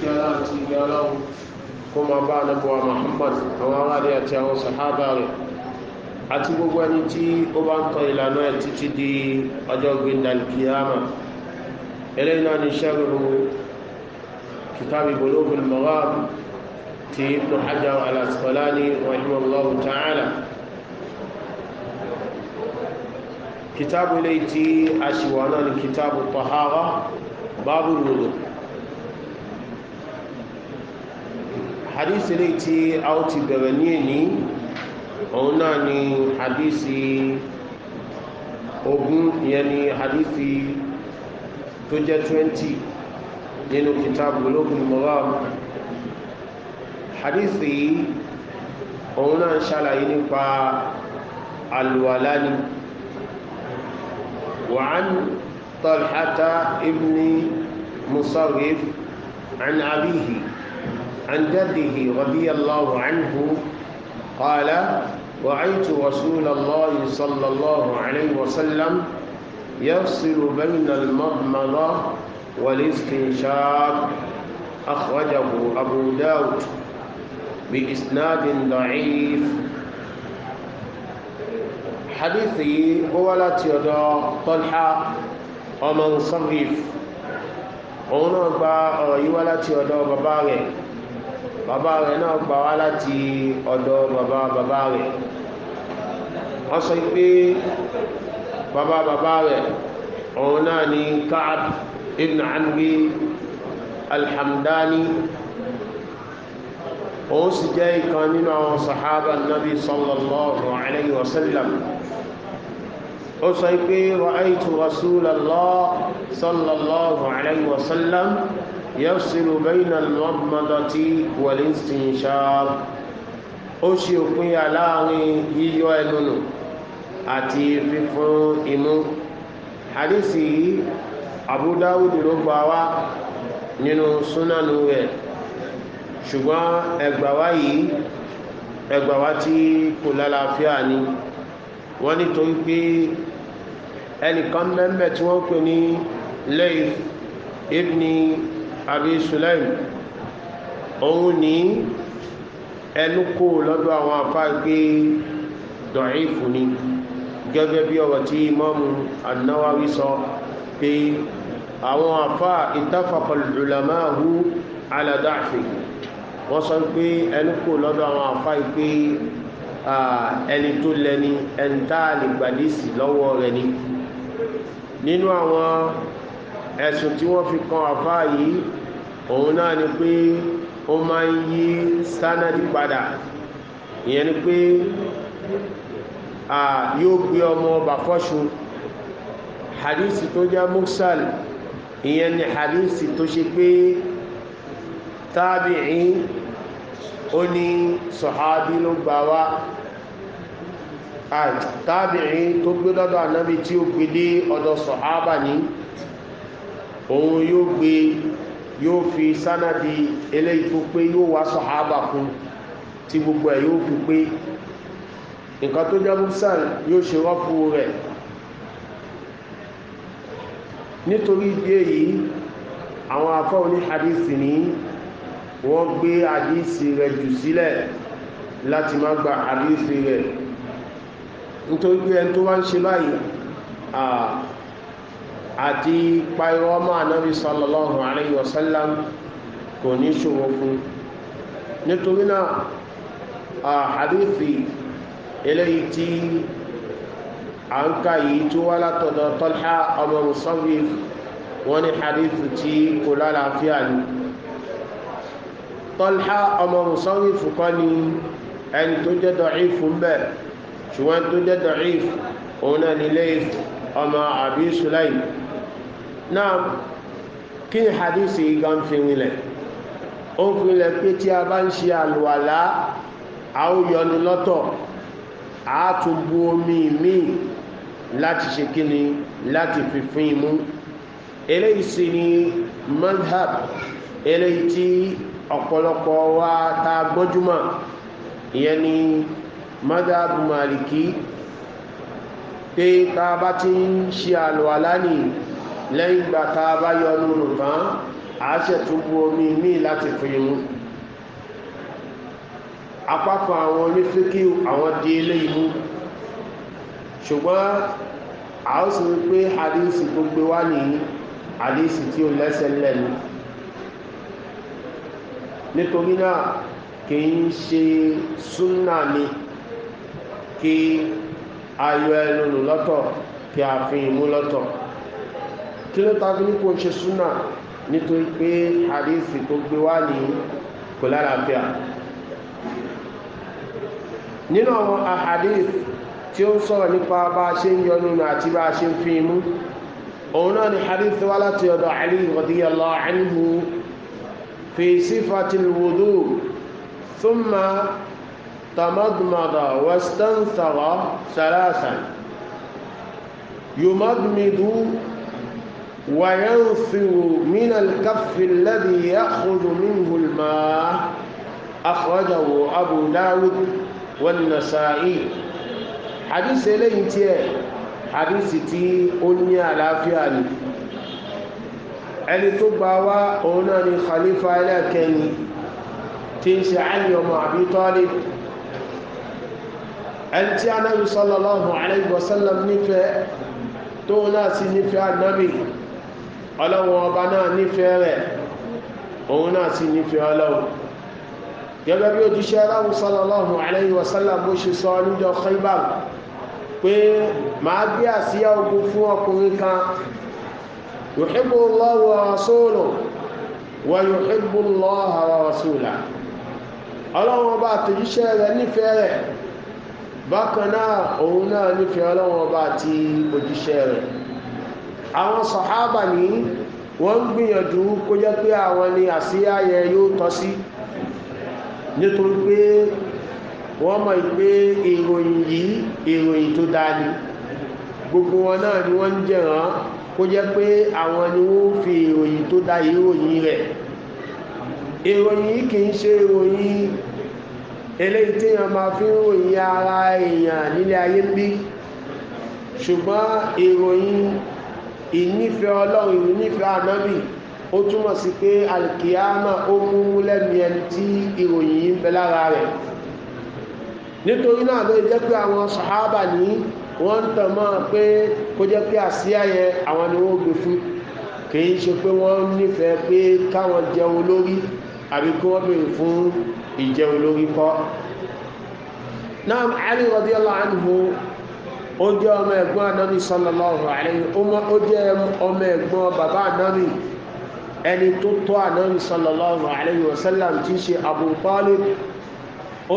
kí aláà ti gbé aláwọ̀ kó máa bá anábọ̀wà muhammad àwọn aráàlẹ́ àti àwọn sàhábà rẹ̀ àti gbogbo ẹni tí ó bá ń tọ ìlànà ẹ̀ títí di ọjọ́ gbẹ̀dàlkìyàmà eléyìí náà ni sẹ́rù kìtàbí bológun mọ́ràn ti ibn hajjar alasqalani rahimallahu ta'ala kìtàbí eléyìí tí a ṣìwà ni kìtàbí tahara babu lulu hadisi lè tí a ó ti bẹ̀rẹ̀ ní èní òun náà ni hadisi ogún ìyẹn ni hadisi tó jẹ́ 20 nínú kitabu ológun moram hadisi òun náà ṣàlàyé nípa alwalani وعن طلحة ابن مصرف عن أبيه عن جده رضي الله عنه قال وعيت رسول الله صلى الله عليه وسلم يفصل بين المضمضة والاستنشاق أخرجه أبو داود بإسناد ضعيف حديثي هو لا تيضا طلحة ومن صرف هنا أرى يولا تيضا ببارك bàbá rẹ̀ náà gbà wá láti ọ̀dọ̀ bàbá bàbá rẹ̀ wọ́n sọ pé bàbá bàbá rẹ̀ òun náà ni káàb ibn amri alhamdani òun sì jẹ́ ìkan nínú àwọn sàhábà nabi sallallahu alayhi wa sallam ó sọ pé ra'aytu rasulallah sallallahu alayhi wa sallam يفصل بين المضمضة والاستنشاق ó ṣe òpin aláàrin yíyọ ẹnu nù àti fífún imú àdísì yìí Abu Dawud ló gbà wá nínú súnánù rẹ̀ ṣùgbọ́n ẹgbàwá yìí ẹgbàwá tí kò lálàáfíà ni wọ́n nítorí pé ẹnìkan mẹ́mẹ́ tí wọ́n pè ní Layth ibni Abi Sulaim òun ní ẹnu kó lọ́dọ̀ àwọn afá pé dọ̀ífù ni gẹ́gẹ́ bí ọ̀rọ̀ tí Imamu An-Nawawi sọ pé àwọn afá ittafaqal ulama'u ala da'fihi wọ́n sọ pé ẹnu kó lọ́dọ̀ àwọn afá pé ẹni tó lẹ́ni ẹni gbàdísì lọ́wọ́ rẹ̀ ni nínú àwọn ẹ̀sùn tí wọ́n fi kan àfá yìí òun náà ni pé ó ma ń yí sánádì padà ìyẹn ni pé yóò gbé ọmọ ọba fọ́ṣun hadisi tó já mursal ìyẹn ni hadisi tó ṣe pé tábìí ó ní sọ̀hábí ló gbà wá tábìí tó gbé lọ́dọ̀ ànábi tí ó gbé dé ọ̀dọ̀ sọ̀hábà ní òun yóò gbé yóò fi sánàdì eléyìí tó pé yóò wá sọ̀hábà fún tí gbogbo ẹ̀ yóò fi pé nǹkan tó jẹ́ mursal yóò ṣe rọ́pù rẹ̀ nítorí ìdí èyí àwọn afọ́ oní hadisi ní wọ́n gbé hadisi rẹ̀ jù sílẹ̀ láti má gba hadisi rẹ̀ nítorí pé ẹni tó wá ń ṣe báyìí àti pàíwọ́mọ́ anábi sallallahu alayhi wa sallam kò ní ṣòro fún nítorí náà a hadithi eléyìí tí a ń ká yìí tó wá látọ̀dọ̀ tọ́lá ọmọ musamman wọ́n ni hadithu tí kò lálàáfíà ní tọ́lá ọmọ musamman fukọ́ ni ẹni tó jẹ́ dọ̀ífù ọmọ àbí sulaim náà kí ni hadisi gan fi rinlẹ̀ ó ń rinlẹ̀ pé tí a bá ń ṣe àlùwàlá a ó yọnu lọ́tọ̀ a tún bu omi míì láti ṣe kí ni láti fi fún imú eléyìí sì ni madhab eléyìí tí ọ̀pọ̀lọpọ̀ wa ta gbọ́júmọ̀ ìyẹn ni madhab maliki pé ta bá ti ń ṣe àlùwàlá nìyí lẹ́yìn ìgbà tá a bá yọ nínú tán a ṣẹ̀ tó bu omi míì láti fi mu apákan àwọn onífíkì àwọn di eléyìí mú ṣùgbọ́n a ó sì wípé àdíìsì gbogbo wá ní àdíìsì tí ó lẹ́sẹ̀ lẹ́nu nítorí náà kì í ṣe súnà ni kí ayọ ẹnu lọ́tọ̀ kí a fi ìmú lọ́tọ̀ kí ló tàbí ní kò ṣe súnà nítorí pé àdísì tó gbé wá ní kò lálàáfíà nínú àwọn àdísì tí ó ń sọ̀rọ̀ nípa bá a ṣe ń yọnu àti bá a ṣe ń fi imú òun náà ni àdísì wá láti ọ̀dọ̀ àlì radiyallahu anhu fi sifatil wudu thumma tamadmada wastanthara salasan yumadmidu وينفر من الكف الذي يأخذ منه الماء أخرجه أبو داود والنسائي حديث إليه تي حديث تي أني على فياني ألي تبعوا أناني خليفة إلى كني تنسي علي يوم أبي طالب أنت النبي صلى الله عليه وسلم نفع تونا سنفع النبي ọlọ́wọ́n ọba náà nífẹ̀ẹ́ rẹ̀ òun náà sì nífẹ̀ẹ́ ọlọ́wọ́ gẹ́gẹ́ bí ojúṣẹ́ aláwọ̀ sallallahu alayhi wa sallam bó ṣe sọ níjọ Khaybar pé máa gbé àsíyá ogun fún ọkùnrin kan yuhibbu Allahu wa rasuluhu wa yuhibbu Allaha wa rasulahu rẹ̀ àwọn sọ̀hábà ní wọ́n ń gbìyànjú kó jẹ́ pé àwọn ni àsíyá yẹn yóò tọ́ sí nítorí pé wọ́n mọ̀ pé ìròyìn yìí ìròyìn tó dáa ni gbogbo wọn náà ni wọ́n ń jẹ̀rán kó jẹ́ pé àwọn ni wọ́n fi ìròyìn tó dá ìròyìn rẹ̀ ìròyìn yìí kìí ṣe ìròyìn eléyìí tí wọ́n máa fi ròyìn ara èèyàn nílé ayé bí ṣùgbọ́n ìròyìn ìnífẹ́ ọlọ́run ìnífẹ́ anábì ó túmọ̀ sí pé alkiyama ó mú lẹ́mí ẹni tí ìròyìn yìí ń bẹ lára rẹ̀ nítorí náà ló jẹ́ pé àwọn sàhábà ní wọ́n ń tàn mọ́ pé kó jẹ́ pé àsíá yẹn àwọn ni wọ́n gbé fún kìí ṣe pé wọ́n nífẹ̀ẹ́ pé káwọn jẹun lórí àbí kí wọ́n bèèrè fún ìjẹun lórí kọ́ náà Ali radiyallahu anhu ó jẹ́ ọmọ ẹ̀gbọ́n anábì sallallahu alayhi ó jẹ́ ọmọ ẹ̀gbọ́n bàbá anábì ẹni tó tọ́ anábì sallallahu alayhi wa sallam tí í ṣe Abu Talib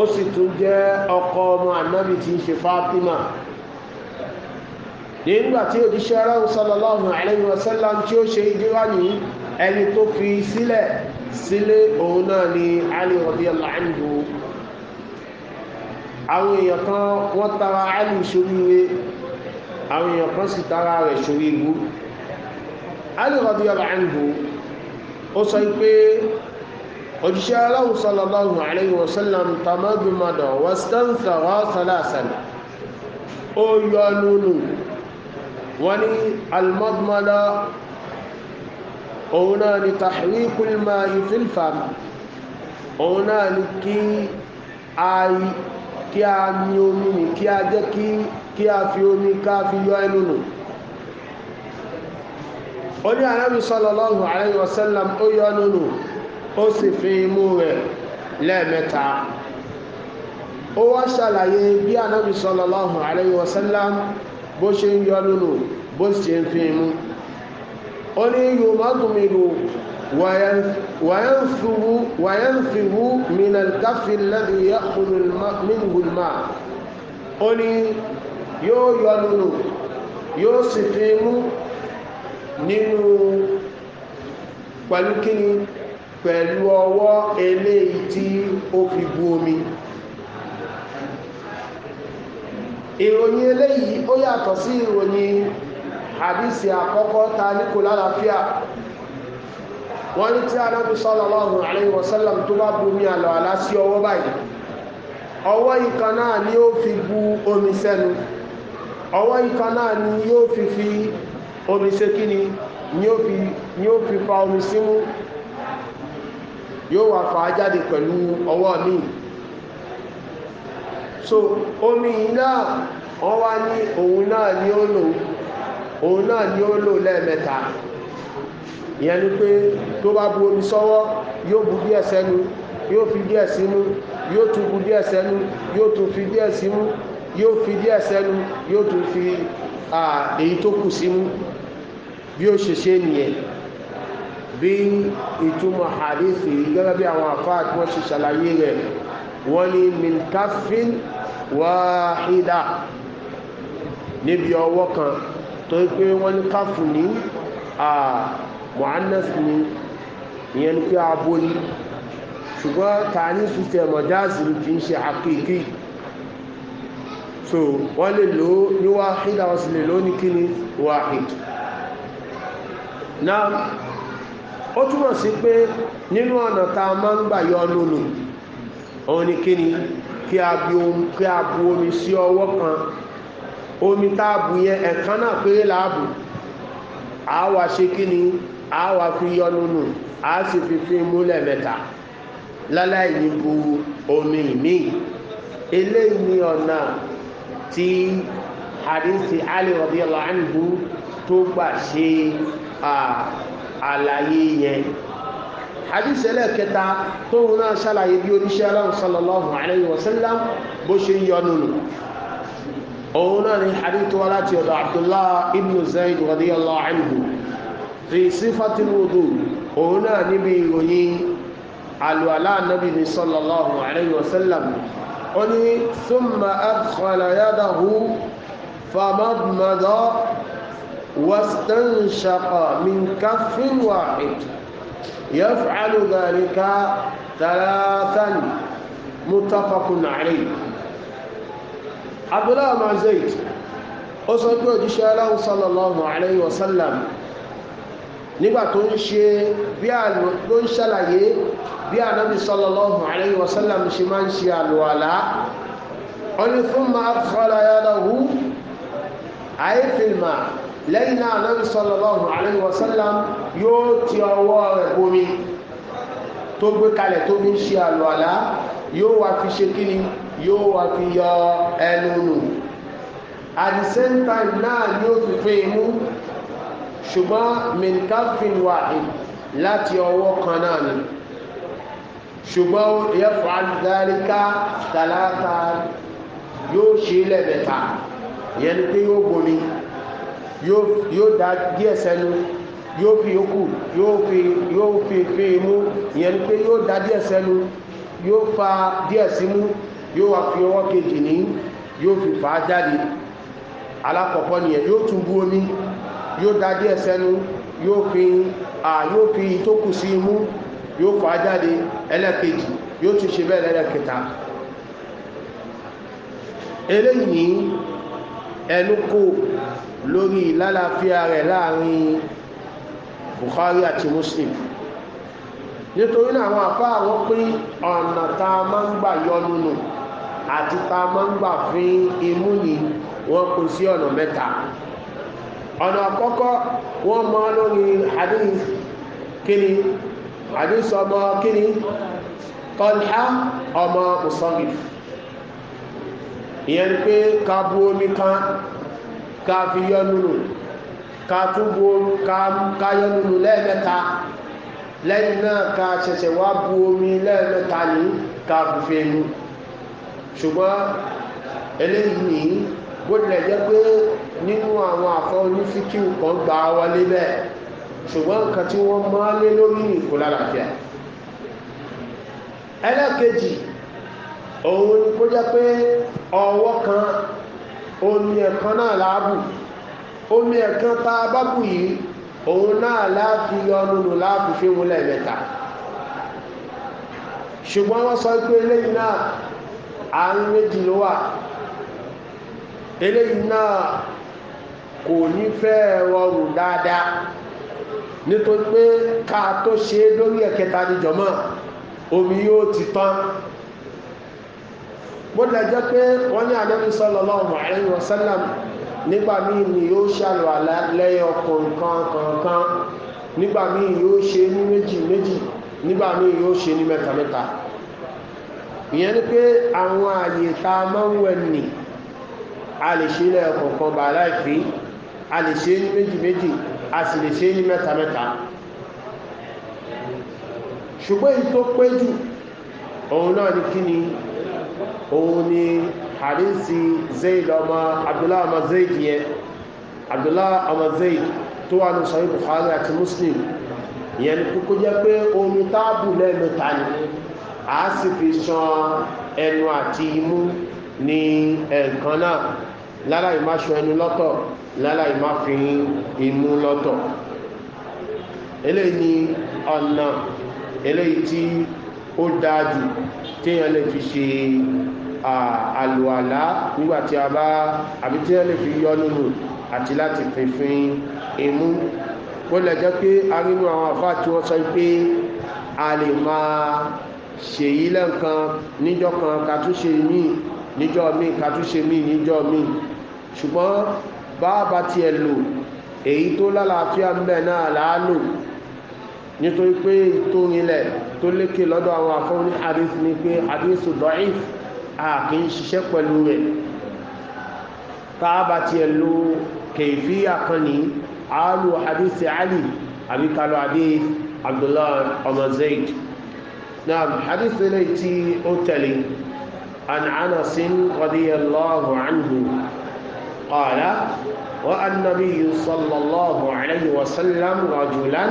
ó sì tún jẹ́ ọkọ ọmọ anábì tí í ṣe Fatima nígbà tí òjíṣẹ́ aráhùn sallallahu alayhi wa sallam tí ó ṣe ìdíwá ní ẹni àwọn èèyàn kan wọ́n tara alì ṣoríire àwọn èèyàn kan sì tara rẹ̀ ṣorí ibú alì rọ̀bí ọ̀rọ̀ àìbò ó sọ pé òjíṣẹ́ aláhùn sallallahu alayhi wa sallam tamadumadọ̀ wastanthara salasan ó kí a ní omi nì kí a jẹ́ fi omi ká fi yọ ẹnu nù ó ní ànábì sallallahu alayhi wa sallam ó yọ ẹnu nù ó sì fi imú rẹ̀ lẹ́ẹ̀mẹ́ta ó wá ṣàlàyé bí ànábì sallallahu alayhi wa sallam bó ṣe ń yọ ẹnu fi imú ó ní wàyánfìwú وينثب lẹ́bí yàkùnù mìngùnmá ó ní منه الماء أني يو fi mú nínú pẹ̀lú kíni pẹ̀lú ọwọ́ eléyìí tí ó fi bu omi ìròyìn eléyìí ó yàtọ̀ sí ìròyìn àdísì àkọ́kọ́ ta ní kò lálàáfíà wọ́n ní tí anábì sallallahu alayhi wa sallam tó bá bu omi àlọ́ àlá sí ọwọ́ báyìí ọwọ́ ìkan náà ni ó fi bu omi sẹ́nu ọwọ́ ìkan náà ni yóò fi fi omi ṣe kí ni ni fi fa omi símú yóò wà fà á jáde pẹ̀lú ọwọ́ míì so omi náà wọ́n wá ní òun náà ni ó lò òun ìyẹn ni pé tó bá bu omi sọ́wọ́ yóò bu díẹ̀ sẹ́nu yóò fi díẹ̀ símú yóò tún bu díẹ̀ sẹ́nu yóò tún fi díẹ̀ símú yóò fi díẹ̀ sẹ́nu yóò tún fi èyí tó kù símú bí ó ṣe ṣe nìyẹn bí ìtumọ̀ àdéfì gẹ́gẹ́ bí àwọn àfáà tí wọ́n ṣe ṣàlàyé rẹ̀ wọ́n ni minkafin wahida níbi ọwọ́ kan torí pé wọ́n ní káfù ní muannas ni ìyẹn ni pé abo ni ṣùgbọ́n tàníṣù tẹ mọ̀jáàzì kì í ṣe àkíkí so wọ́n lè lò ó ní wáhídà wọ́n sì lè lò ó ní kíni wáhídà náà ó túmọ̀ sí pé nínú ọ̀nà tá a máa ń gbà yọ lónù òun ni kí a kí a bu omi sí ọwọ́ kan omi tá yẹn ẹ̀kan náà péré láàbù àá wá ṣe kíni a wà fi yọnu nù a sì fi fi múlẹ̀ mẹ́ta láláì ní bu omi míì eléyìí ni ọ̀nà tí hadithi Ali radiyallahu anhu tó gbà ṣe àlàyé yẹn hadith ẹlẹ́kẹta tóun náà ṣàlàyé bí oníṣẹ́ aláwọ̀ sallallahu alayhi wa sallam bó ṣe yọnu nù òun náà ni hadith wá láti ọ̀dọ̀ Abdullah ibn Zayd radiyallahu anhu في صفة الوضوء هنا نبي يوني علو على نبي صلى الله عليه وسلم أني ثم أدخل يده فمضمض واستنشق من كف واحد يفعل ذلك ثلاثا متفق عليه عبد الله بن زيد أصدق صلى الله عليه وسلم nígbà tó ń ṣe bí ló ń ṣàlàyé bí anábì sallallahu alayhi wa sallam ṣe máa ń ṣe àlùwàlá wọ́n ní fún ma fọ́lá yadahu àìfìlmà lẹ́yìn náà anábì sallallahu alayhi wa yóò ti ọwọ́ rẹ̀ bomi tó gbé kalẹ̀ tó fi ń ṣe àlùwàlá yóò wá fi ṣe kíni yóò wá fi yọ ẹnu nù at the same time náà yóò fi fún imú ṣùgbọ́n minkafin wahid láti ọwọ́ kan náà ni ṣùgbọ́n yẹ́fọ́ àdáríká tàlátà yóò ṣe lẹ́mẹ̀ta yẹn pé yóò bomi yóò dá díẹ̀ sẹ́nu yóò fi yókù yóò fi fi imú yẹn pé yóò dá díẹ̀ sẹ́nu yóò fa díẹ̀ símú yóò wá fi ọwọ́ kejì ní yóò fi fà jáde alákọ̀ọ́kọ́ nìyẹn yóò tún bú omi yóò dá díẹ̀ sẹ́nu yóò fi yóò fi tó kù sí imú yóò fà á jáde ẹlẹ́kejì yóò tún ṣe bẹ́ẹ̀ lẹ́lẹ́kẹta eléyìí ẹnu kò lórí lálàáfíà rẹ̀ láàrin buhari àti muslim nítorí náà àwọn àfá àwọn pín ọ̀nà ta ma ń gbà yọnu àti ta ma ń gbà fín imú ni wọ́n kò sí ọ̀nà mẹ́ta ọ̀nà àkọ́kọ́ wọ́n mọ́ lórí hadith kíni hadith ọmọ kíni tọ́lá ọmọ musamman ìyẹn ni pé ká bú omi kan ká fi yọ nínú ká túbú ká yọ nínú lẹ́ẹ̀mẹ́ta lẹ́yìn náà ká ṣẹ̀ṣẹ̀ wá bú omi lẹ́ẹ̀mẹ́ta ní ká fi fẹ́ nù ṣùgbọ́n eléyìí bó nínú àwọn àfọ́ onífíkíù kan gba wọlé bẹ́ẹ̀ ṣùgbọ́n nǹkan tí wọ́n máa lé lórí ìkó lálàáfíà ẹlẹ́kejì òun ni kó jẹ́ pé ọwọ́ kan omi ẹ̀kan náà láàbù omi ẹ̀kan tá a yi, owo yìí òun náà láàfi lọ́nùnù láàfi fi mú lẹ́ẹ̀mẹ́ta ṣùgbọ́n wọ́n sọ pé eléyìí náà àárín méjì ló wà eléyìí kò ní fẹ́ rọrùn dáadáa nítorí pé ká tó ṣe lórí ẹ̀kẹta níjọmọ́ omi yóò ti tán bó lè jẹ́ pé wọ́n ní ànábì sallallahu alaihi wasallam nígbà míì ni yóò ṣàlù àlá lẹ́yọ kọ̀ọ̀kan kọ̀ọ̀kan nígbà míì yóò ṣe ní méjì méjì nígbà míì yóò ṣe ní mẹ́ta mẹ́ta ìyẹn ni pé àwọn àyè tá a máa ń wẹ̀ nì a lè ṣe lẹ́yọ kọ̀ọ̀kan bàálà ìfín a lè ṣe ní méjì méjì a sì lè ṣe ní mẹ́ta mẹ́ta ṣùgbọ́n èyí tó pé jù òun náà ní kí ni òun ni hadisi ọmọ abdullah ọmọ yẹn abdullah ọmọ tó wà ní àti muslim ni jẹ́ pé omi táàbù ni a sì fi ṣan ẹnu àti lára ìmáṣọ ẹnu lọ́tọ̀ lára ìmáfin imu lọ́tọ̀ eléyìí ni ọ̀nà eléyìí tí ó dájú téèyàn lè fi ṣe àlùwàlá nígbàtí a bá àbí téèyàn lè fi yọ nínú àti láti fífin imú ó lè jẹ́ pé a nínú àwọn àfá tí wọ́n sọ pé a lè máa ṣe lẹ́ǹkan níjọ́ kan kàtúnṣe míì níjọ́ míì kàtúnṣe míì níjọ́ míì ṣùgbọ́n bàbá ti ẹ̀ lò èyí tó lálàáfíà ń bẹ̀ náà láàlò nítorí pé tó nílẹ̀ tó lékè lọ́dọ̀ àwọn afọ́ní hadith ni pé hadith da'if a kì í ṣiṣẹ́ pẹ̀lú rẹ̀ tàbà ti ẹ̀ lo kèfí àkànní àálù hadith ali àbíkalọ̀ hadith abdullah ọmọ zaid نعم حديث ليتي أتلي عن عنس رضي الله عنه قال رأى النبي صلى الله عليه وسلم رجلا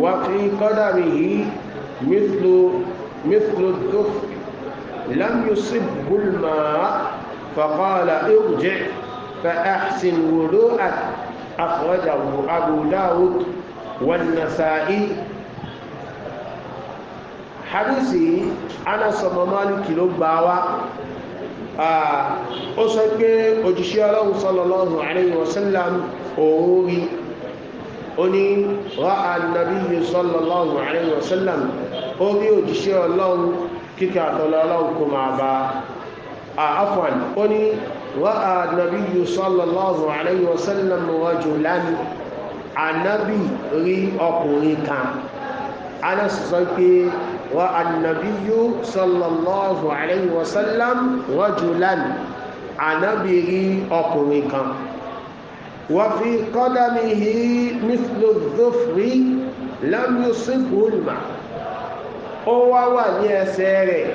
وفي قدمه مثل مثل الدخن لم يصبه الماء فقال ارجع فأحسن وضوءك أخرجه أبو داود والنسائي حديثي أنا صلى كيلو باوا ó sọ pé òjíṣẹ́ ọlọ́run sallallahu alayhi wa sallam òun rí ó ní ra'a an-nabiyyu sallallahu alayhi wa sallam ó rí òjíṣẹ́ ọlọ́run kíkẹ́ àtọ́lọ́ ọlọ́run kò máa bá afwan ó ní ra'a an-nabiyyu sallallahu والنبي صلى الله عليه وسلم رجلا ànábì rí ọkùnrin kan wọ́n fi kọ́dámi hí mithlu dhufri lam yusuf ulma ó wá wà ní ẹsẹ̀ rẹ̀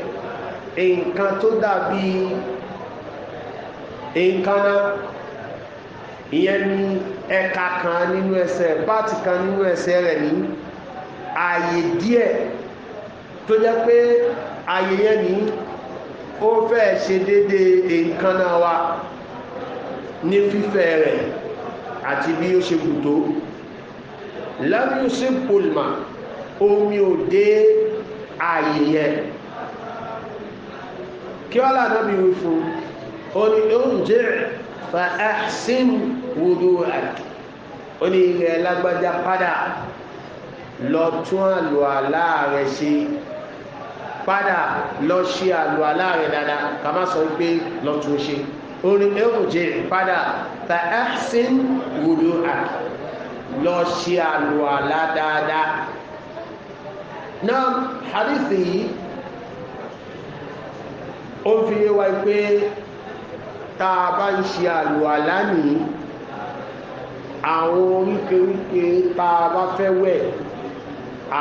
nǹkan tó dàbí nǹkaná ìyẹn ni ẹ̀ka kan nínú ẹsẹ̀ pàtì kan nínú ẹsẹ̀ rẹ̀ ní ààyè díẹ̀ tó jẹ́ pé ààyè yẹn ní ó fẹ́ ṣe dédé nǹkan náà wa ní fífẹ́ rẹ̀ àti bí ó ṣe gùn tó lẹ́míùsí pòlìmà omi ò dé ààyè yẹn kí wọ́n lànà bí wí fún ó ní oúnjẹ fa ahsin wudu àti ó ní ilẹ̀ lágbájá padà lọ tún àlò àlá rẹ̀ ṣe padà lọ ṣe àlò aláàrẹ dáadáa ká má sọ wípé lọ tún ṣe orin èròjẹ padà ta ẹsìn wùdó àkì lọ ṣe àlò àlá dáadáa náà hadithi yìí ó fi yé wa pé tá a bá ń ṣe àlò àlá nìyí àwọn oríkèéríkèé tá a bá fẹ́ wẹ̀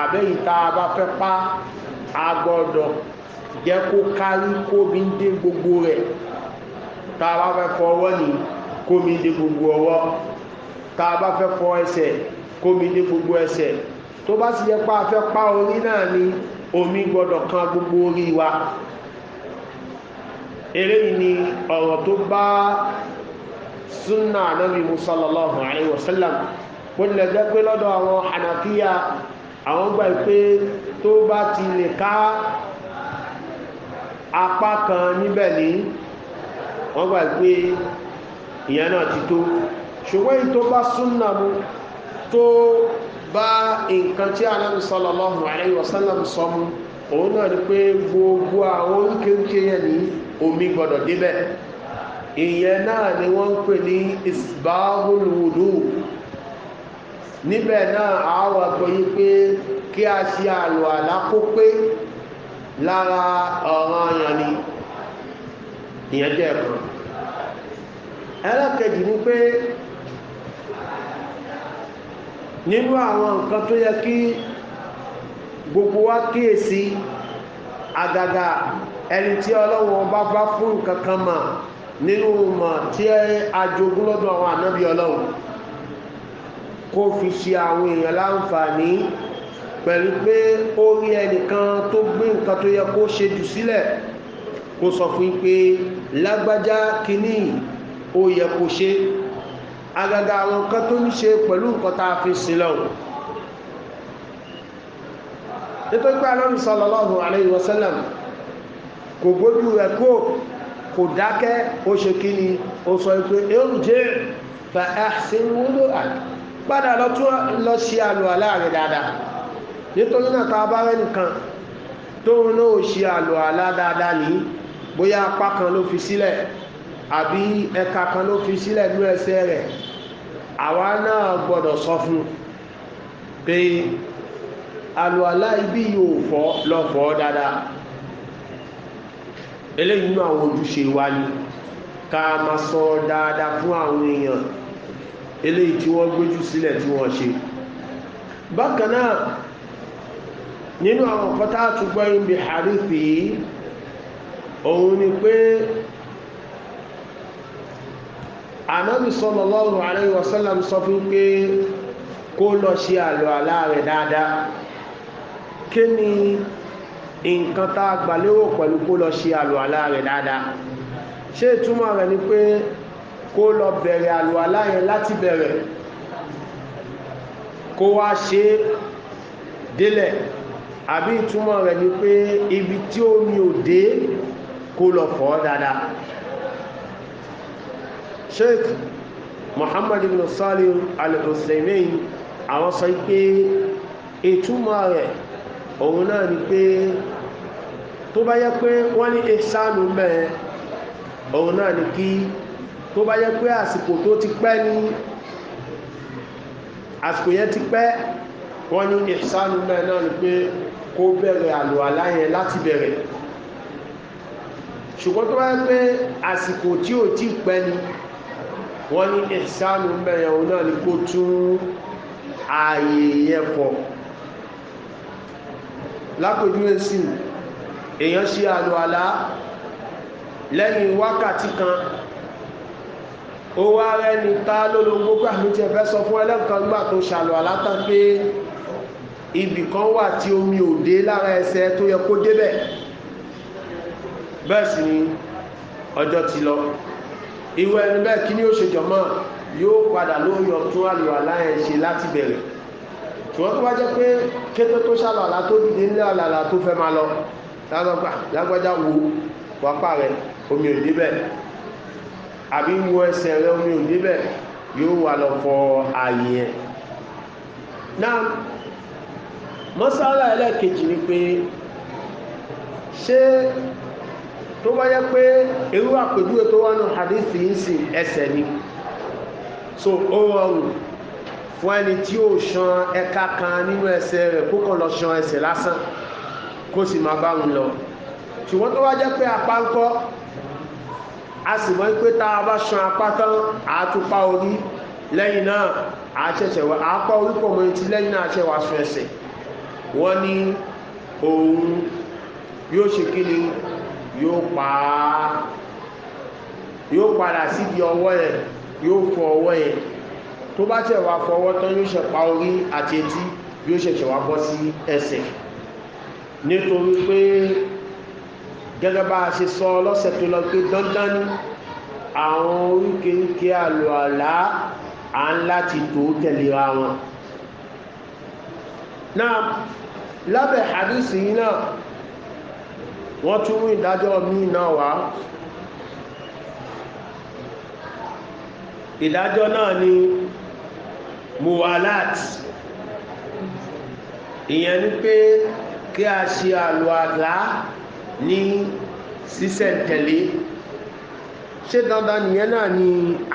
àbẹ́yìí tá a bá fẹ́ pa a gbọ́dọ̀ jẹ́ kó kárí kómi ń dé gbogbo rẹ̀ tá a bá fẹ́ fọ ọwọ́ ni kómi ń dé gbogbo ọwọ́ tá a bá fẹ́ fọ ẹsẹ̀ kómi ń dé gbogbo ẹsẹ̀ tó bá sì yẹ pé a pa orí náà ni omi gbọ́dọ̀ kan gbogbo orí wa eléyìí ni ọ̀rọ̀ tó bá súnà anábì musallallahu alayhi wa kó lè jẹ́ pé lọ́dọ̀ àwọn hànàfíà àwọn gbà pé tó bá ti lè ká apá kan níbẹ̀ ní wọ́n gbà pé ìyẹn náà ti tó ṣùgbọ́n èyí tó bá súnnà mú tó bá nǹkan tí anábi sallallahu alayhi sọ mú òun náà ni pé gbogbo àwọn oríkèríkè yẹn ní omi gbọdọ̀ débẹ̀ ìyẹn náà ni wọ́n ń pè ní isbahul wudu níbẹ̀ náà àwọ̀ àgbọ̀yí pé kí a ṣe àlọ́ àlákó pé lára ọ̀ràn àyàn ni ìyẹn jẹ́ ẹ̀kọ́ ẹlẹ́kẹ̀jì ni pé nínú àwọn nǹkan tó yẹ kí gbogbo wa kíyèsí àgàgà ẹni tí ọlọ́wọ́n bá bá fún nǹkan kan mà nínú mọ̀ tí ajogún lọ́dọ̀ àwọn ànábì ọlọ́run kó fi ṣe àwọn èèyàn láǹfààní pẹ̀lú pé ó rí ẹnìkan tó gbé nǹkan tó yẹ kó ṣe jù sílẹ̀ kó sọ fún pé lágbájá kìíní ó yẹ kó ṣe agaga àwọn nǹkan tó ní ṣe pẹ̀lú nǹkan tá a fi sin lọ́wọ́ nítorí pé alọ́run sallallahu alayhi wa sallam kò gbójú rẹ̀ kó kò dákẹ́ ó ṣe kí ni ó sọ pé erùjẹ́ fa ahsin wudu'ak padà lọ ṣe àlùwàlá rẹ̀ dáadáa nítorí náà tá a bá rẹ́ nìkan tóun náà ò ṣe àlò àlá dáadáa ní bóyá apá kan ló fi sílẹ̀ àbí ẹ̀ka kan ló fi sílẹ̀ ní ẹsẹ̀ rẹ̀ àwa náà gbọ́dọ̀ sọ fún pé àlò àlá ibi yóò fọ́ lọ fọ́ dáadáa eléyìí nínú àwọn ojúṣe wa ni ká máa sọ dáadáa fún àwọn èèyàn eléyìí tí wọ́n gbójú sílẹ̀ tí wọ́n ṣe bákan náà nínú àwọn kọta àtúgbọ́ ibi àrífì òun ni pé ànábì sallallahu alayhi wa sallam sọ fún pé kó lọ ṣe àlọ́ àlá rẹ̀ dáadáa kí ni nǹkan tá a gbàlérò pẹ̀lú kó lọ ṣe àlọ́ àlá rẹ̀ dáadáa ṣé ìtumọ̀ rẹ̀ ni pé kó lọ bẹ̀rẹ̀ àlọ́ àlá yẹn láti bẹ̀rẹ̀ kó wá ṣe délẹ̀ àbí ìtumọ̀ rẹ̀ ni pé ibi tí ó mi ò dé kó lọ fọ́ dáadáa sheikh muhammad ibn salim al-hussein àwọn sọ pé ìtumọ̀ rẹ̀ òun náà ni pé tó bá yẹ pé wọ́n ní ìsánú mẹ́ẹ̀ òun náà ni kí tó bá yẹ pé àsìkò tó ti pẹ́ ní àsìkò yẹn ti pẹ́ wọ́n ní ìsánú mẹ́ẹ̀ náà ni pé kó bẹ̀rẹ̀ àlùwàlá yẹn láti bẹ̀rẹ̀ ṣùgbọ́n tó wáyé pé àsìkò tí ò tí pẹ́ ni wọ́n ní ìsánú mẹ́rin òun náà ni kó tún ààyè yẹn pọ̀ lápòjúwé sí èèyàn ṣe àlùwàlá lẹ́yìn wákàtí kan ó wá rẹ́ni tá lólogbo gbà ní ti ẹ̀fẹ́ sọ fún ẹlẹ́kan gbà tó ṣàlùwàlá tán pé ibì kan wà tí omi ò dé lára ẹsẹ̀ tó yẹ kó débẹ̀ bẹ́ẹ̀ sì ni ọjọ́ ti lọ irú ẹni bẹ́ẹ̀ kí ni ó ṣe jọmọ́ yóò padà lórí ọ̀tún àlùwà láyẹn ṣe láti bẹ̀rẹ̀ ṣùgbọ́n tó bá jẹ́ pé kété tó ṣàlọ̀ àlá tó dìde ní àlàlà tó fẹ́ máa lọ lásọgbà lágbájá wo wápá rẹ omi ò débẹ̀ àbí wo ẹsẹ̀ rẹ omi ò débẹ̀ yóò wà lọ fọ ààyè yẹn náà mọ́sálà ẹlẹ́ẹ̀kejì ni pé ṣé tó bá yẹ pé irú àpèjúwe tó wà nù hadithi ń sìn ẹsẹ̀ ni so ó rọrùn fún ẹni tí ó ṣan ẹ̀ka kan nínú ẹsẹ̀ rẹ̀ kó kàn lọ ṣan ẹsẹ̀ lásán kó sì máa bá wọn lọ ṣùgbọ́n tó wá jẹ́ pé apá ń kọ́ a sì mọ́ pé tá a bá ṣan apá tán àtúpá orí lẹ́yìn náà àṣẹṣẹ̀ wá apá orí pọ̀ mọ́ etí lẹ́yìn náà àṣẹ wá sun ẹsẹ̀ wọ́n ní òun yóò ṣe kí ni yóò pa á yóò padà síbi ọwọ́ ẹ̀ yóò fọ ọwọ́ ẹ̀ tó bá tẹ̀ wá fọwọ́ tán yóò ṣe pa orí àti etí yóò ṣẹ̀ṣẹ̀ wá bọ́ sí ẹsẹ̀ nítorí pé gẹ́gẹ́ bá a ṣe sọ lọ́sẹ̀ tó lọ pé dandan ni àwọn oríkèéríkèé àlò àlá à ń láti tó tẹ̀lera wọn lábẹ̀ hadisi yìí náà wọ́n tún mú ìdájọ́ míì náà wá ìdájọ́ náà ni muwalat ìyẹn ni pé kí a ṣe àlò àlá ní sísẹ̀ntẹ̀lé ṣé dandan nìyẹn náà ni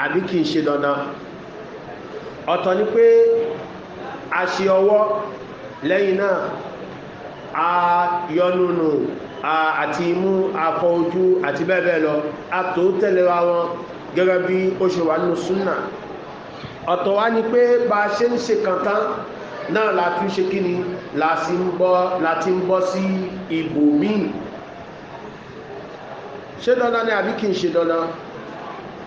àbí kìí ṣe dandan ọ̀tọ̀ ni pé a ṣe ọwọ́ lẹ́yìn náà ayọnunu àti imú afọ ojú àti bẹ́ẹ̀ bẹ́ẹ̀ lọ àtò tẹ̀lé wa wọn gẹ́gẹ́ bí ó ṣe wà nínú súnà ọ̀tọ̀ wá ni pé bá a ṣe ń ṣe kàntán náà la tún ṣe kí ni la ti ń bọ́ sí ibòmíì ṣé dandan ni àbí kí n ṣe dandan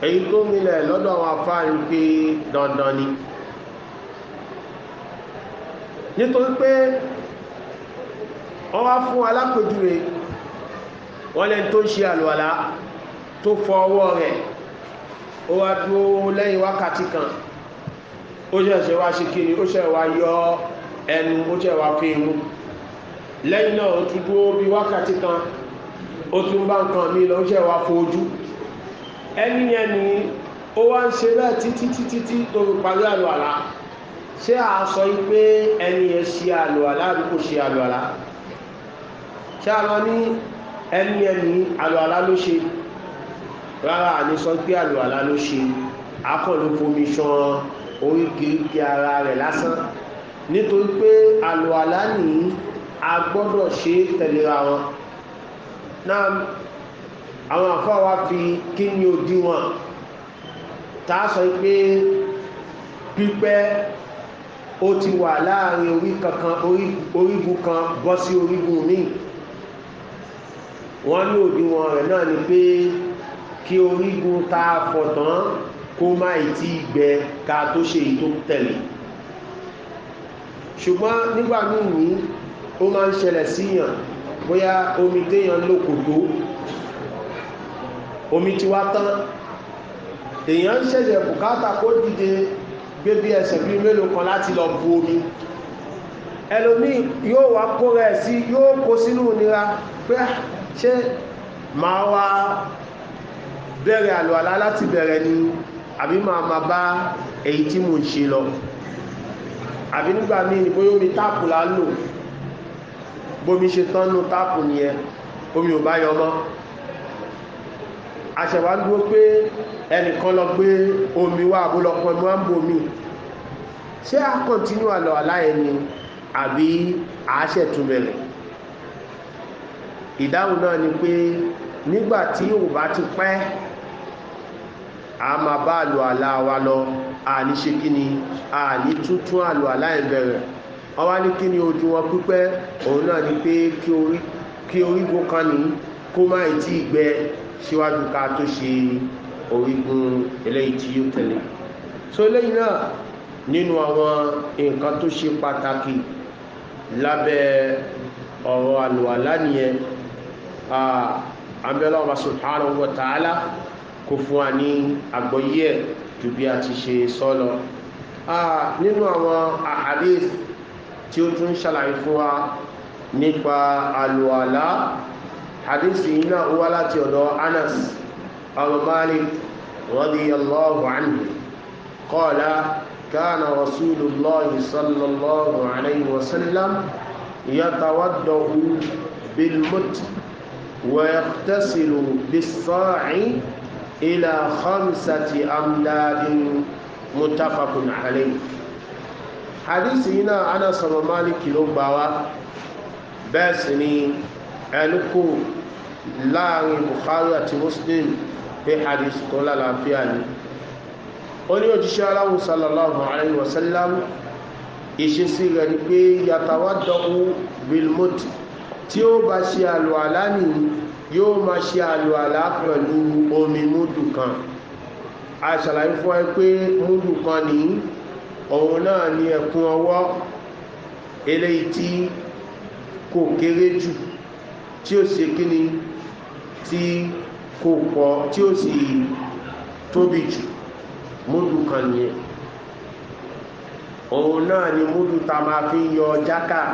èyí tó nílẹ̀ lọ́dọ̀ àwọn afáàrin pé dandan ni nítorí pé wọ́n wá fún alápèjúwe wọ́n lẹ́ni tó ń ṣe àlùwàlá tó fọ ọwọ́ rẹ̀ ó wá dúró lẹ́yìn wákàtí kan ó ṣẹ̀ṣẹ̀ wá ṣe kiri ó ṣẹ̀ yọ ẹnu ó ṣẹ̀ wá lẹ́yìn náà ó tún mi lọ ó ṣẹ̀ wá fojú ẹni yẹn ni ó wá ń ṣe bẹ́ẹ̀ títí títí tí tó à ń sọ pé ẹni yẹn ṣe àlùwàlá àbí ṣe àlùwàlá ṣe àwọn ní ẹni ẹni àlùwàlá ló ṣe rárá àní sọ pé àlùwàlá ló ṣe akọ̀lù fomi ṣan oríkèéríkè ara rẹ̀ lásán nítorí pé àlùwàlá ní a ṣe tẹ̀léra wọn náà àwọn àfáwà fi kí ni òdiwọ̀n tá a sọ pé pípẹ́ ó ti wà láàrin orígun kan bọ́ sí orígun míì wọ́n ní òdiwọ̀n rẹ̀ náà ni pé kí orígun tá a fọ̀tán kó má ì tí gbẹ ká tó ṣe èyí tó tẹ̀lé ṣùgbọ́n nígbà míì ó máa ń ṣẹlẹ̀ síyàn bóyá omi téèyàn lò kò tó omi ti wá tán èèyàn ń ṣẹ̀ṣẹ̀ bùkátà kó dìde gbé ẹsẹ̀ bí mélòó kan láti lọ bu omi ẹlòmíì yóò wá kó rẹ̀ sí yóò kó sínú ìnira pé ah, ṣé máa wá bẹ̀rẹ̀ àlùwàlá láti bẹ̀rẹ̀ ni àbí máa ma bá èyí tí mo ṣe lọ àbí nígbà míì ni bóyá omi táàpù la lò bómi ṣe tán nú táàpù nìyẹn omi ò bá yọ mọ́ àṣẹ̀wá dúró pé ẹnìkan lọ gbé omi wá àbúlọpọ̀ ẹmú à ń bomi ṣé a kọ̀ntínú àlọ́ àláyẹni àbí àáṣẹ̀tún bẹ̀rẹ̀ ìdáhùn náà ni pé nígbà tí ò bá ti pẹ́ a máa bá àlò àlá wa lọ àní ṣe kí ni àní tuntun àlò àlá ìbẹ̀rẹ̀ wọ́n wá ní kí ni ojú wọn pípẹ́ òun náà ni pé kí orígun kan ní kó má ì tí síwájú ká tó ṣe orígun eléyìí tí yóò tẹ̀lé so eléyìí náà nínú àwọn nǹkan tó ṣe pàtàkì lábẹ́ ọ̀rọ̀ àlò àlá nìyẹn àbẹ̀lẹ̀ ọba subhanahu wa ta'ala kò fún wa ní àgbọ́yé ẹ̀ ju bí a ti ṣe sọ lọ nínú àwọn ahadith tí ó tún ṣàlàyé fún wa nípa àlùwàlá hadith yìí náà láti ọ̀dọ̀ anas abu malik radiyallahu ويغتسل بالصاع إلى خمسة أمداد متفق عليه حديث هنا أنا صلى الله عليه وسلم باسني ألكو láàrin bukhari àti muslim pé hadith tó lálàáfíà ni ó ní òjíṣẹ́ aláwọ̀ sallallahu alaihi wasallam ìṣesí rẹ̀ ni pé yàtàwádọ́wó bilmoti tí ó bá ṣe àlùwàlá ní yóò máa ṣe àlùwàlá pẹ̀lú omi múdù kan a ṣàlàyé fún ẹ pé múdù kan ní òun náà ní ẹ̀kún ọwọ́ eléyìí tí kò kéré jù tí ó ṣe kíni tí kò pọ̀ tí ó sì tóbi jù múdù kan nìyẹn òun náà ni múdù ta máa fi yọ jákàá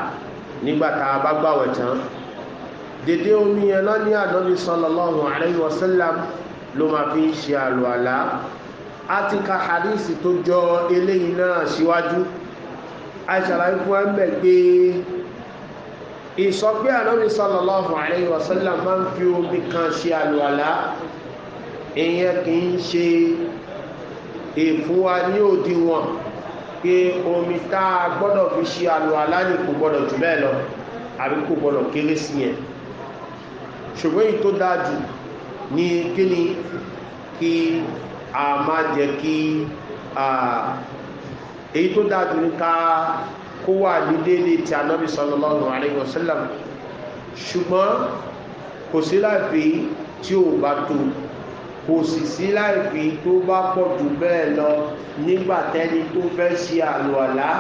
nígbàtà bá gbàwẹ̀ tán dédé omi yẹn lọ ní ànábi sallallahu alayhi wa sallam ló máa fi ń ṣe àlùwàlá a ti ka hadisi tó jọ eléyìí náà síwájú aṣàlàyé fún ẹ̀mẹ́ pé ìsọgbé ànábi sallallahu alayhi wa máa ń fi omi kan ṣe àlùwàlá ìyẹn kì í ṣe èfúwa ní òdiwọ̀n pé omi tá a gbọ́dọ̀ fi ṣe àlò aláàní kò gbọ́dọ̀ jù bẹ́ẹ̀ lọ àbí kò gbọ́dọ̀ kéré sí yẹn ṣùgbọ́n èyí tó dáa jù ní kíni kí a má jẹ́ kí èyí tó dáa jù ní ká kó wà ní déédéé ti anábì sallallahu alaihi wasallam ṣùgbọ́n kò sí láìpé tí ò bá tó kò sì sí láìfi tó bá pọ̀ jù bẹ́ẹ̀ lọ nígbà tẹ́ni tó fẹ́ ṣe àlùwàlá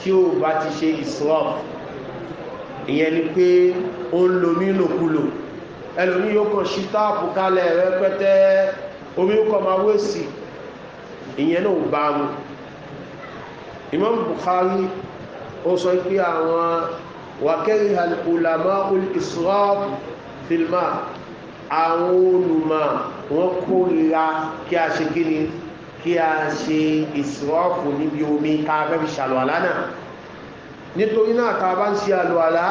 tí ó bá ti ṣe islam ìyẹn ni pé ó ń lo mí lòkulò ẹlòmí yóò kàn sí táàpù kalẹ̀ rẹpẹtẹ omi kọ ma wéṣì ìyẹn náà bá mu imam bukhari ó sọ pé àwọn wàkẹ́rì alùpùlàmọ́ olùkìsọ́ọ̀fù fìlmáà àwọn olùmọ̀ wọ́n kórìíra kí a ṣe kí ni kí a ṣe ìsìrọ́ọ̀fù níbi omi tá a fẹ́ fi ṣàlùwàlá náà nítorí náà tá a bá ń ṣe àlùwàlá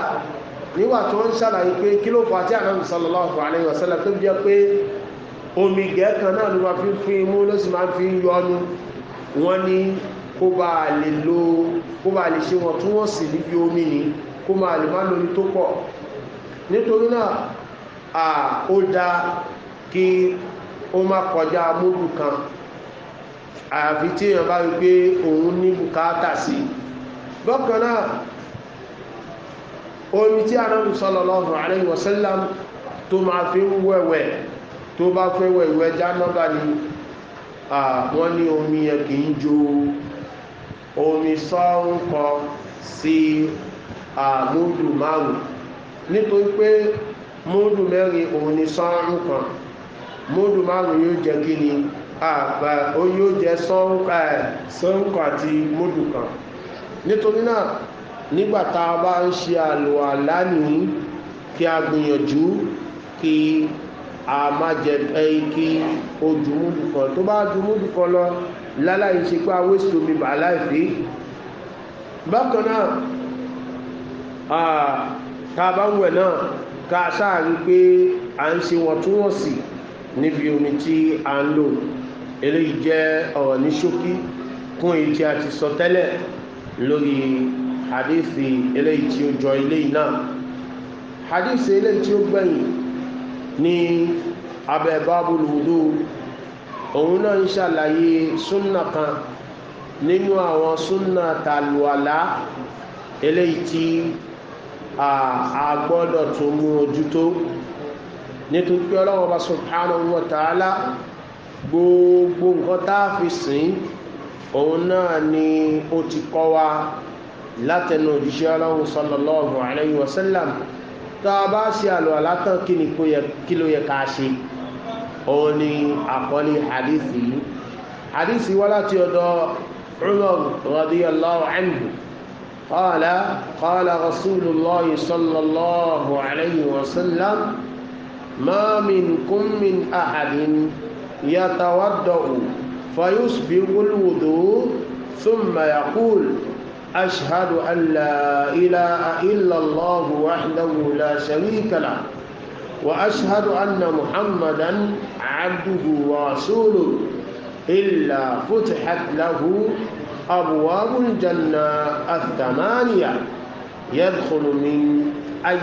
nígbà tí wọ́n ń ṣàlàyé pé kí ló fà á tí ànábì sallallahu alaihi wasallam nítorí náà ó dá kí ó má kọjá módù kan àyàfi tí èèyàn bá rí pé òun ní bùkátà sí bọ́kàn náà omi tí anábì sallallahu alaihi wasallam tó máa fi ń wẹ̀wẹ̀ tó bá fẹ́ wẹ̀wẹ̀ jánábà ni wọ́n ní omi yẹn kì í jo omi sọ́run kọ sí àmúdù márùn-ún nítorí pé múdù mẹ́rin òun ni sọ́rún kan múdù márùn yóò jẹ́ kí ni àgbà ó yóò jẹ́ sọ́rún kan àti múdù kan nítorí náà nígbàtà bá ń ṣe àlùwà lánìí kí a gbìyànjú kí a má jẹ kí o jù múdù kan tó bá jù múdù kan lọ láláì ṣe pé awé sí omi bà láìfí bákan náà tá a bá ń wẹ̀ náà ká sáàrí pé à ń ṣe wọ̀ntúnwọ̀nsì níbi omi tí a ń lò eléyìí jẹ́ ọ̀rọ̀ ní ṣókí kún èyí tí a ti sọ tẹ́lẹ̀ lórí hadithi eléyìí tí ó jọ eléyìí náà hadithi eléyìí tí ó gbẹ̀yìn ní abẹ́ bábùlùdó òun náà ń ṣàlàyé súnnà kan nínú àwọn súnnà tàlùwàlá eléyìí tí a gbọ́dọ̀ tún mú ojú tó nítorí pé ọlọ́wọ́ bá subhanahu wa ta'ala gbogbo nǹkan tá a òun náà ni ó ti kọ́ wa látẹnu òjíṣẹ́ ọlọ́run sallallahu alayhi wa sallam tá a bá ṣe àlọ́ àlátàn kí ló yẹ ká ṣe òun ni àkọlé hadith yìí hadith wá láti ọ̀dọ̀ Umar radiyallahu anhu قال قال رسول الله صلى الله عليه وسلم ما منكم من أحد يتوضأ فيسبغ الوضوء ثم يقول أشهد أن لا إله إلا الله وحده لا شريك له وأشهد أن محمدا عبده ورسوله إلا فتحت له أبواب الجنة الثمانية يدخل من أي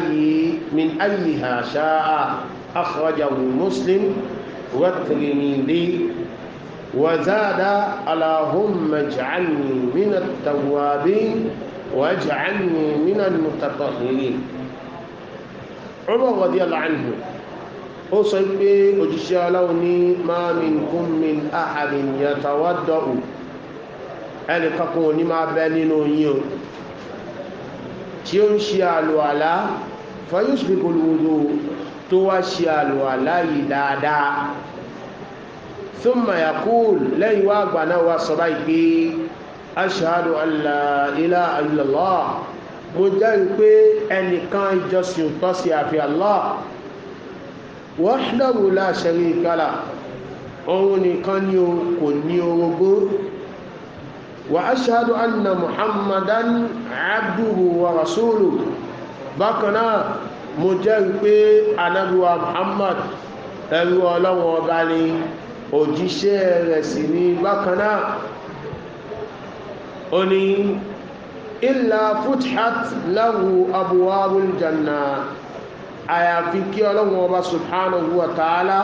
من أيها شاء أخرجه مسلم والترمذي وزاد اللهم اجعلني من التوابين واجعلني من المتطهرين عمر رضي الله عنه sọ أجشى لوني ما منكم من أحد يتوضأ ẹnì kankan ò ní máa bẹ nínú yín o tí ó ń ṣe àlùwàlá fayúsùpì kolówó tó wá ṣe àlùwàlá yìí dáadáa thumma yaqul lẹ́yìn wá àgbà náà wá sọ báyìí pé ashhadu an la ilaha mo jẹ́rìí pé ẹnìkan ìjọsìn tọ́ sí àfi Allah wahdahu la sharika lah òun nìkan ni o kò ní orogún وأشهد أن محمدا عبده ورسوله بكنا مجربي أنبوى محمد ẹrú ọlọ́wọ́ ọba ni òjíṣẹ́ rẹ̀ sì ni bákaná ó ní ìlà futhat láwù abuwarul janna àyàfi kí ọlọ́wọ́ ọba subhanahu wa ta'ala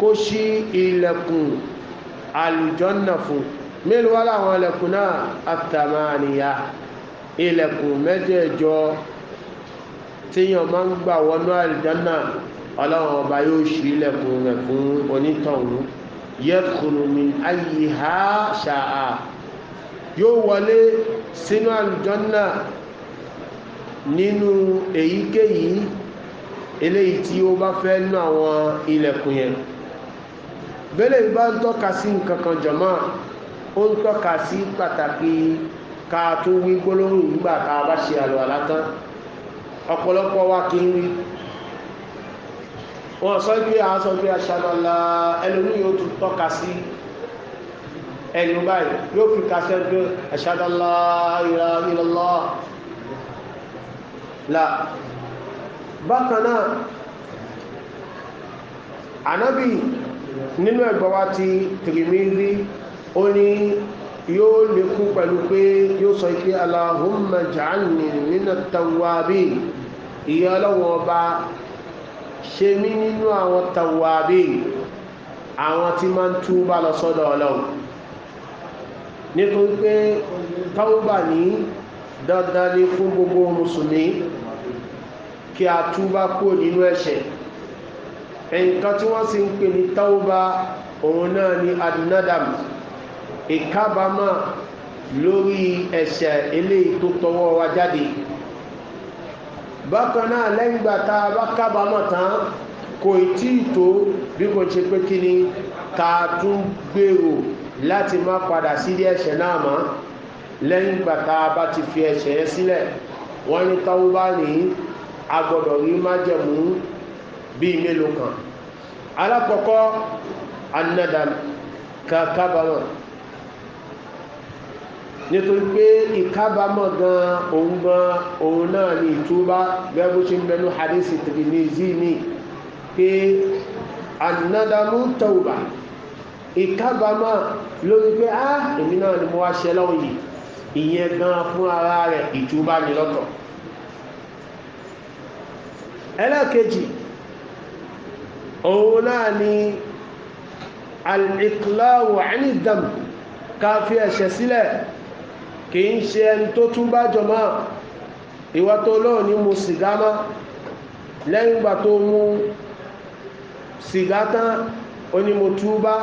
kó ṣí ilẹ̀kùn alùjọ́nà fún mélòó wá láwọn ilẹ̀kùn náà àtàmánìyà ilẹ̀kùn mẹ́jẹ̀ẹ̀jọ tíyàn máa ń gbà wọnú àlìjánà ọlọ́run ọba yóò ṣí ilẹ̀kùn rẹ̀ fún onítọ̀hún yẹ́kùnù mi ayé ha ṣáà yóò wọlé sínú àlìjánà nínú èyíkéyìí eléyìí tí ó bá fẹ́ nú àwọn ilẹ̀kùn yẹn bẹ́lẹ̀ bá ń tọ́ka sí nǹkan kan jọ̀mọ́ ó ń tọ́ka sí pàtàkì ká tó wí gbólóhùn nígbà tá a bá ṣe àlọ́ àlátán ọ̀pọ̀lọpọ̀ wa kì í wí wọ́n sọ pé a sọ pé aṣàlọ́lá ẹlòmí yóò tún tọ́ka sí ẹnu báyìí yóò fi kásẹ̀ pé aṣàlọ́lá ìrànlọ́lá la bákanáà anábì nínú ẹgbọ́wá ti tìrìmí rí ó ní yóò lékún pẹ̀lú pé yóò sọ pé aláhùnmá jàánì nínú tàwábí ìyá ọlọ́wọ́n ọba ṣe mí nínú àwọn tàwábí àwọn tí máa ń túbà lọ sọ́dọ̀ ọlọ́run nítorí pé tàwábà ní dandan ní fún gbogbo mùsùlùmí kí a túbà kúrò nínú ẹ̀ṣẹ̀ nǹkan tí wọ́n sì ń pè ní tàwábà òun náà ni adinadamu ìkábàámọ̀ lórí ẹ̀ṣẹ̀ eléyìí tó tọwọ́ wa jáde bákan náà lẹ́yìn bá tán kò tí ì tó bí kò ṣe pé kí ni tún gbèrò láti má padà sídìí ẹ̀ṣẹ̀ náà mọ́ lẹ́yìn bá ti fi ẹ̀ṣẹ̀ yẹn sílẹ̀ nítorí pé ìkábàámọ̀ gan òun gan òun náà ni ìtúbá gẹ́gẹ́ bó ṣe ń bẹnu hadith Tirmidhi ni pé ànádàmú tọ̀wà ìkábàámọ̀ lórí pé á èmi náà ni mo wá ṣe lọ́wọ́ yìí ìyẹn gan fún ara rẹ̀ ìtúbá ni lọ́tọ̀ ẹlẹ́ẹ̀kejì òun náà ni al-iqla'u 'ani dhanb ẹ̀ṣẹ̀ sílẹ̀ kì í ṣe ẹni tó tún bá jọmọ́ ìwà tó lọ́ọ̀ mu sìgá mọ́ lẹ́yìn ìgbà tó mu sìgá tán ó ní mo túbá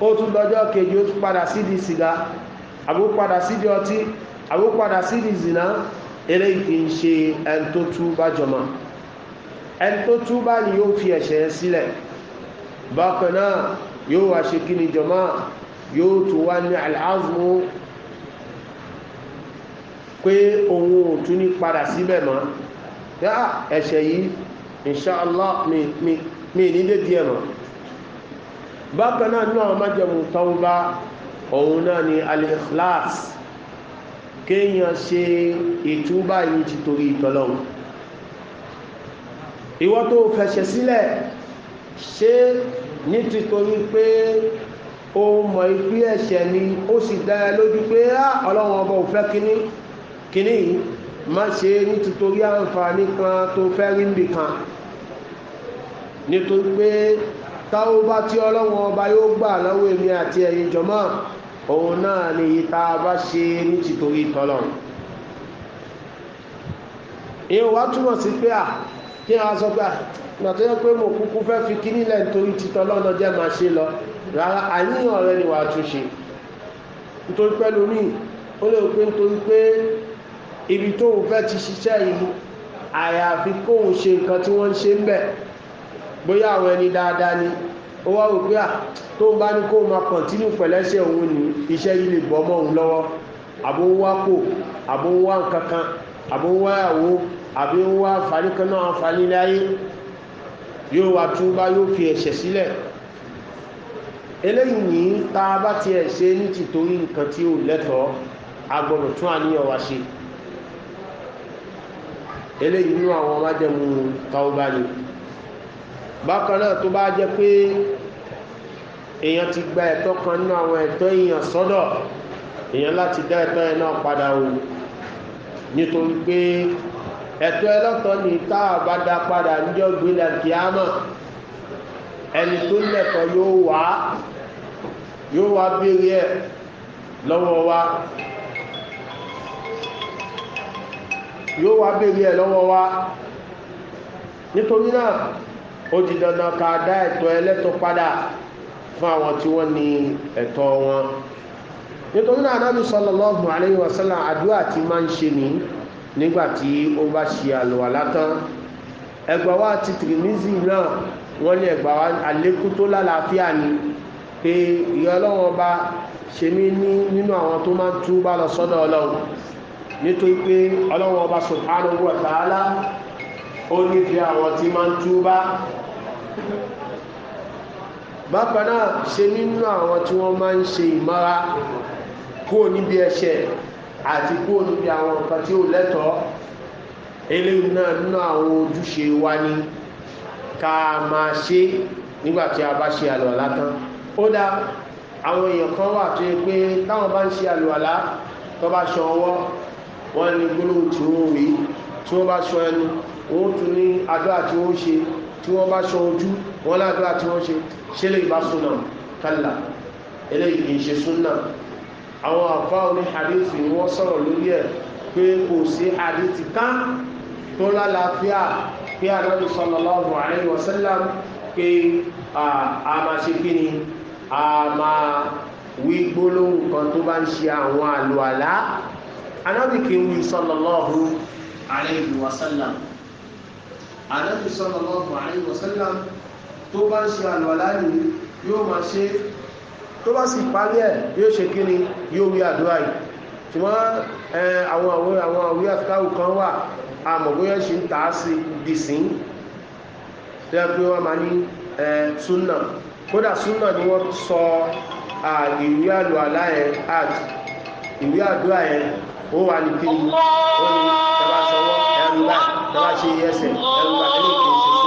ó tún lọ́jọ́ kejì ó tún padà sídi sìgá àbó padà sídi ọtí àbó padà eré kì í ṣe ẹni tó jọmọ́ ẹni tó ni yóò fi ẹ̀ṣẹ̀ sílẹ̀ bákan náà yóò wá ṣe kí ni jọmọ́ yóò tún wá ní pé òun ò tún ní padà síbẹ̀ mọ́ yá ẹ̀ṣẹ̀ yìí inshallah mi ní dédí ẹ̀mọ̀ bákan náà ní àwọn májẹ̀mú tọ́wọ́bá òun náà ni al-ikhlas kéèyàn ṣe ìtúbà yìí ti torí ìtọ́lọ́run ìwọ tó fẹ̀ṣẹ̀ sílẹ̀ ṣe ní títorí pé o mọ̀ ìpí ẹ̀ṣẹ̀ ni ó sì dára lójú pé ah, ọlọ́run ọba ò fẹ́ kíní kíní yìí má ṣe nítorí àǹfààní kan tó fẹ́ rí níbi kan nítorí pé táwọn bá tí ọlọ́wọ́n ọba yóò gbà lọ́wọ́ èmi àti ẹ̀yin jọmọ́ òun náà ni ìta bá ṣe nítorí tọ́lọ̀ ìyẹn wá túmọ̀ sí pé à kí a sọ pé ìgbà tó yẹ pé mo kúkú fẹ́ fi kí nílẹ̀ nítorí títọ́ lọ́nà jẹ́ máa ṣe lọ rárá àníyàn rẹ ni wàá túnṣe nítorí pẹ́lú míì ó lè pé nítorí pé ibi tó fẹ́ ti ṣiṣẹ́ ìlú àyàfi kóhun ṣe nǹkan tí wọ́n ń ṣe ń bẹ̀ bóyá àwọn ẹni dáadáa ni ó wá wípé à tó bá ní kó máa kọ̀ntínú pẹ̀lẹ́sẹ̀ òun ní iṣẹ́ yìí lè bọ́mọ́ òun lọ́wọ́ àbó ń wá kò àbó ń wá nǹkan kan àbó ń wá ìyàwó àbí ń wá àǹfààní kan náà àǹfààní láyé yóò wá tún bá yóò fi ẹ̀ṣẹ̀ sílẹ̀ eléyìí ní tá a bá tiẹ̀ ṣe ní tìtorí nǹkan tí ò lẹ́tọ̀ọ́ a tún àníyàn wa ṣe eléyìí inú àwọn májẹ̀mú taoba ni bákan náà tó bá jẹ́ pé èèyàn ti gba ẹ̀tọ́ kan nínú àwọn ẹ̀tọ́ èèyàn sọ́dọ̀ èèyàn láti dá ẹ̀tọ́ ẹ̀ náà padà o nítorí pé ẹ̀tọ́ ẹlọ́tọ́ ni tá a bá dá padà níjọ́ gbélẹ̀ kíámà ẹni tó lẹ̀tọ́ yóò wá yóò wá béèrè ẹ̀ lọ́wọ́ wa yóò wá bèèrè ẹ̀ lọ́wọ́ wa nítorí náà ó di dandan ká dá ẹ̀tọ́ ẹlẹ́tọ́ padà fún àwọn tí wọ́n ní ẹ̀tọ́ wọn nítorí náà anábì sallallahu alayhi wa sallam àdúrà tí máa ń ṣe ní nígbàtí ó bá ṣe àlùwà látán ẹgbà wá ti tìrìmìzì náà wọ́n ní ẹgbà wá àlékún tó lálàáfíà ni pé ìyá ọlọ́wọ́n bá ṣe mí nínú àwọn tó máa ń túbá lọ sọ́dọ̀ ọlọ́run nítorí pé ọlọ́wọ́ ọba subhanahu wa ta'ala ó nífẹ̀ẹ́ àwọn tí máa ń túbá bákan náà ṣe nínú àwọn tí wọ́n máa ń ṣe ìmọ́ra kúrò níbi ẹ̀ṣẹ̀ àti kúrò níbi àwọn nǹkan tí ó lẹ́tọ̀ọ́ àwọn ni ká máa ṣe nígbàtí a bá ṣe àlùwàlá tán ó èèyàn kan wà tó yẹ pé táwọn bá ń ṣe àlùwàlá tó bá ṣan ọwọ́ wọ́n ní gbólóhùn tí wọ́n rí tí wọ́n bá sọ ẹnu wọ́n tún ní àdúrà tí wọ́n ṣe tí wọ́n bá sọ ojú wọ́n ládúrà tí wọ́n ṣe ṣe lè bá súnà kálà eléyìí kì súnà àwọn àfá oní hadithi ni wọ́n sọ̀rọ̀ lórí ẹ̀ pé kò sí hadithi kan tó lálàáfíà pé àdájú sallallahu alaihi wasallam pé a máa ṣe kí ni a máa wí gbólóhùn kan tó bá ń ṣe àwọn àlò àlá anábì kí ń wí sallallahu alayhi wa sallam anábì sallallahu alayhi wa sallam tó bá ń ṣe àlùwàlá ní yóò máa ṣe tó bá sì parí ẹ̀ yóò ṣe kí ni yóò wí àdúrà yìí ṣùgbọ́n àwọn àwọn àwọn àwí àfikáwù kan wà àmọ̀gbóyẹ́ ṣe ń tàá sí dìsín tó yẹ pé wọ́n máa ní súnà kódà súnà ni wọ́n sọ ìwé àlùwàlá ẹ̀ àti ìwé àdúrà ẹ̀ ó wà ní kiri ó ní tẹ́lá sọwọ́ ẹrù ṣe ẹsẹ̀ ẹrù báyìí